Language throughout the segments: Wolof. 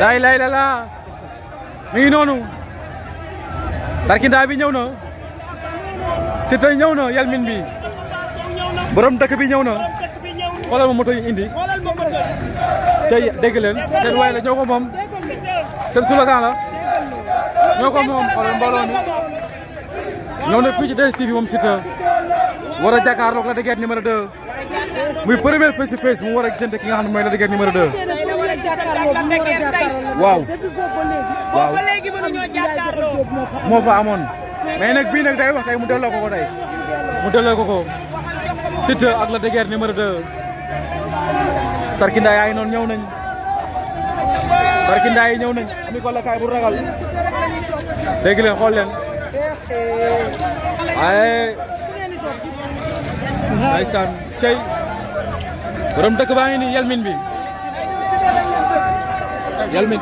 laay laay la laa mi ngi noonu tarkindaa bi ñëw na Siteu ñëw na yalmin bi borom dëkk bi ñëw na xoolal ma moto yi indi cay dégg leen seen waay la ñoo ko moom seen slogan la ñoo ko moom xoolal mbooloo mi ñëw na fii ci DSTV moom Siteu war a jàkkaarloog la dëggeet numéro muy premier face to mu war a gisante ki nga xam ne mooy la dëggeet numéro waaw waaw moo fa amoon mais nag bii nag day wax tey mu delloo ko ko tey mu delloo ko ko Siteu ak Lac de Guiers numéro 2 tarkindaa yaay noonu ñëw nañ tarkindaa yi ñëw nañ ami ko lakaay bu xool leen ay ndeysaan cey borom dëkk baa ngi ni yelmin bi Yelmin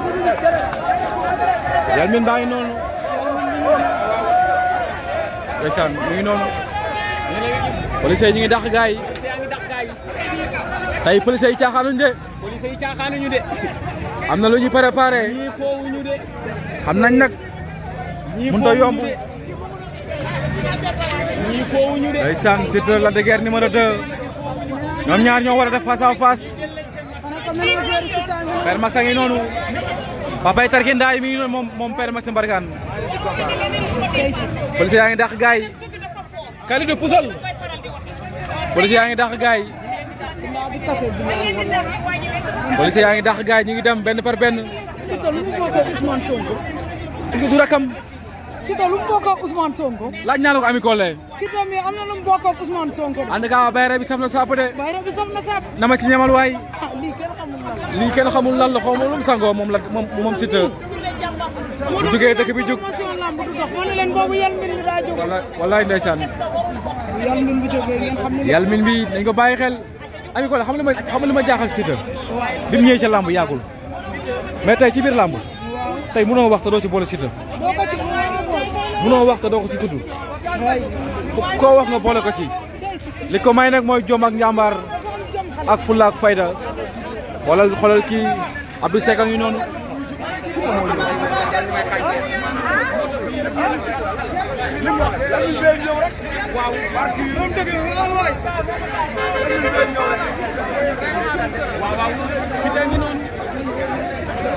Yelmin baa ngi noonu ndeysaan mu ngi noonu police ñu ngi dàq gaay yi tey police yi caaxaanuñu de police am na lu ñu préparé ñii foowuñu xam nañ nag mënut a yomb ñii foowuñu de ndeysaan Siteu Lac de Guiers numéro 2 ñoom ñaar ñoo war a Père Max a ngi noonu Papay Tarkindaay mi ngi noonu moom moom Père Max Mbargaan policier yaa ngi dàq gaay Kalidou pusal policier yaa ngi dàq gaay policier yaa ngi dàq gaay ñu ngi dem benn par benn. du rakam. Siteu lu mu bokk ak Ousmane Sonko. laaj naa la ko mi am na lu mu bokk ak Ousmane Sonko. ànd kaa bayre bi saf na saap de. bayre bi na saap. na ma ci ñemal ah, kenn xamul lan la. lii mu sangoo moom la moom moom Siteu. bu jugee dëkk bi jug ma ne leen boobu yal min bi daa jóg. yal min bi jógee ngeen xam ne. yal min bi dañ ko bàyyi xel. Ami Collé xam nga li ma li ma jaaxal Siteu. bi mu ñëwee ca làmb yàggul. mais tey ci biir làmb. tey mënoo wax te doo ci boole Siteu. munoo wax te doo ko koo wax nga boole ko ci li ko may nag mooy jom ak njàmbaar ak fulla fayda xoolal xoolal kii Abdou Seck a ngi noonu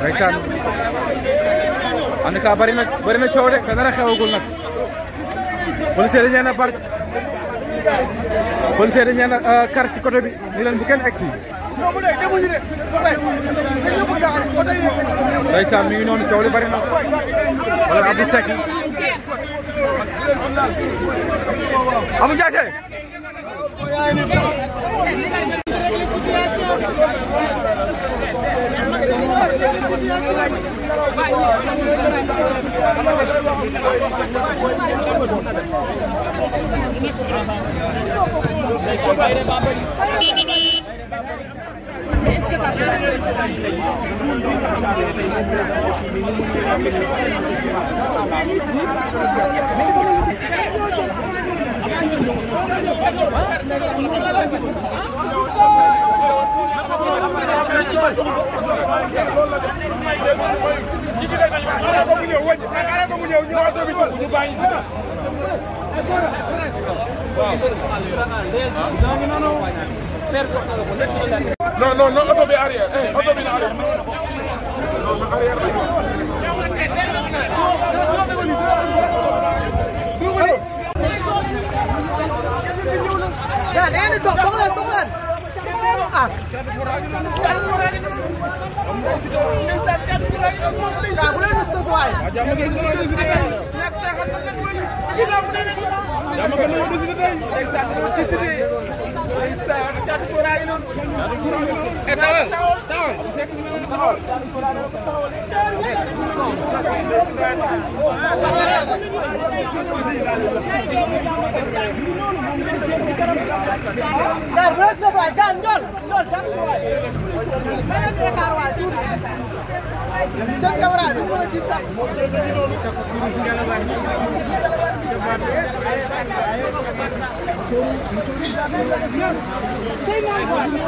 ndeysaan en tout cas bëri na bëri na coow de te dara xewagul nag policier dañu leen a bar policier dañu leen a kar ci côté bi ni leen bu kenn egsi ndeysaan mi coow li bëri na wala Abdou Seck Abdou Est-ce que ça non non non oto bi arrière eh oto bi na arrière leen dox dox leen dox leen. ah. waaw bu leen di sës waay. waaw jàmm ngeen Dar red sa doy, dan dol, dol jam suway. Mene ni ekar wa tu. Sen kamera du ko ci sax. Sey man ko.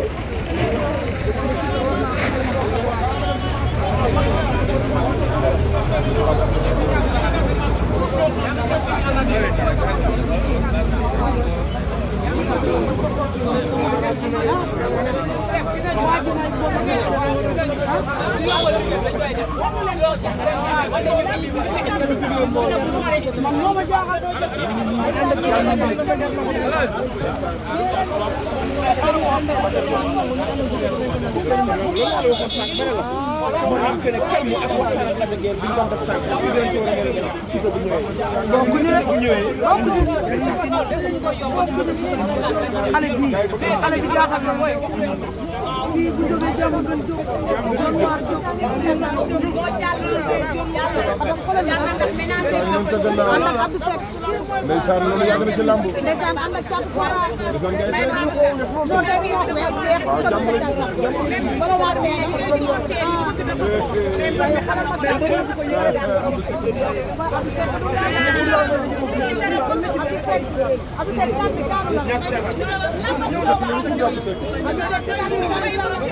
좋아하지 말고 man moo ma jaaxal doo jot ay ànd ak sama man dafa def la ko bokk ñu rek bokk ñu xale bi xale bi jaaxal na kii bu jógee jàmm gën jóg doon waar jóg ànd ak Abdou Seck ndeysaan loolu yàgg na ci làmb ndeysaan ànd ak Thiatou Fora moo teg yoo xam ne seex wala waa Abdou Seck Abdou Seck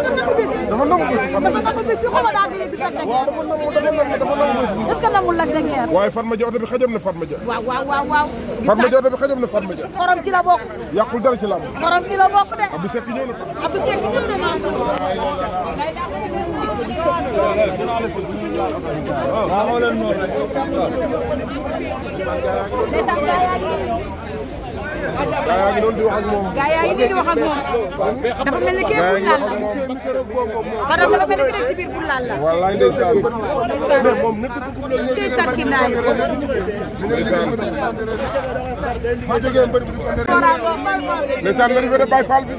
dafa nangu dafa nangu bis bi xuma daa di gis ak dafa nangu dafa nangu dafa nangu est ce que nangul lak da ngeen waaye Fatma Dia oto bi xajam na Fatma Dia waaw waaw waaw waaw Fatma Dia oto bi xajam na Fatma Dia xorom ci la bokk yàqul dara ci la xorom ci la bokk de Abdou Seck ñëw na Abdou Seck ñëw na maa waaw waaw leen noonu gaa yaa ngi doon di wax ak moom. gaa yaa ngi doon di wax ak moom. dafa mel ni kii pour laal la. Fadam dafa mel ni ki nekk ci biir pour laal la. wallaay ndeysaan. ci tarkindaay. ndeysaan nga rifete Baye Fall bi.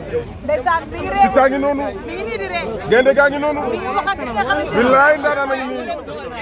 ndeysaan mi ngi réew. si taa ngi noonu. mi ngi nii di réew. gaynde gaa ngi noonu. mi ngi wax ak li nga xam ne. bilaay ndaanaan a ngi nii.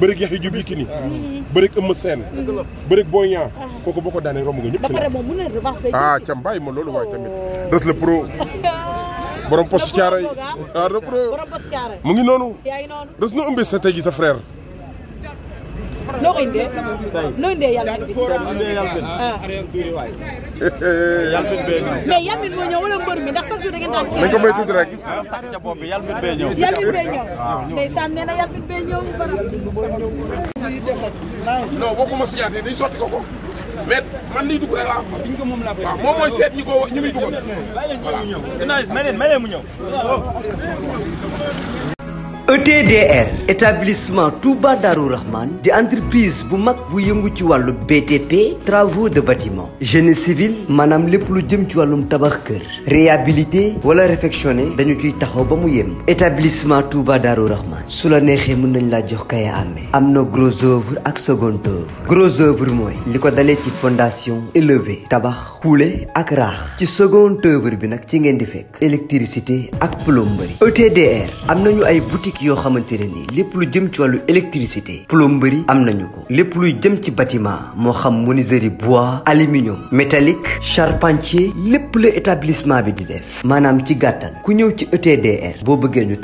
bëreeg Yaxya Jóob Yékini bëreeg Eumeu Sène bëreeg Boy Niang ko daanee romb nga ñëpp ba pare moom mu ne revanche day ah cam bàyyi ma loolu waaye tamit Reug le pro borom poste caara yi ah mu ngi noonu Reug no ëmbee sa tey ji sa frère noo koy indee. noo indee yàlla ah. bi. mais yàlla bi moo ñëw wala mbër mi ndax chaque jour da ngeen daan teel nañ ko may tuuti rek. yàlla bi bee ñëw. yàlla bi bee ñëw. mais saan nee na yàlla bi bee ko ko. mais man liy dugg rek laa ko ñi muy ma leen ETDR établissement Touba Darou Rahman de entreprise bu mak bu yëngu ci BTP travaux de bâtiment génie civil manam lepp lu jëm ci walum tabax kër réhabilité wala réfectionné dañu ci taxaw ba mu établissement Touba Darou Rahman su la nexé mën nañ la jox kaya amé am gros œuvre ak second œuvre gros œuvre moy liko dalé ci fondation élevée tabax coulé ak raax ci second œuvre bi nak électricité ak plomberie ETDR amna ñu ay boutique les plus xamante ne électricité plomberie am les ko lépp bâtiments, jëm ci bois aluminium métallique charpentier les plus établissement bi di def maanaam ci gàttal ku ñëw ci ETDR boo ñu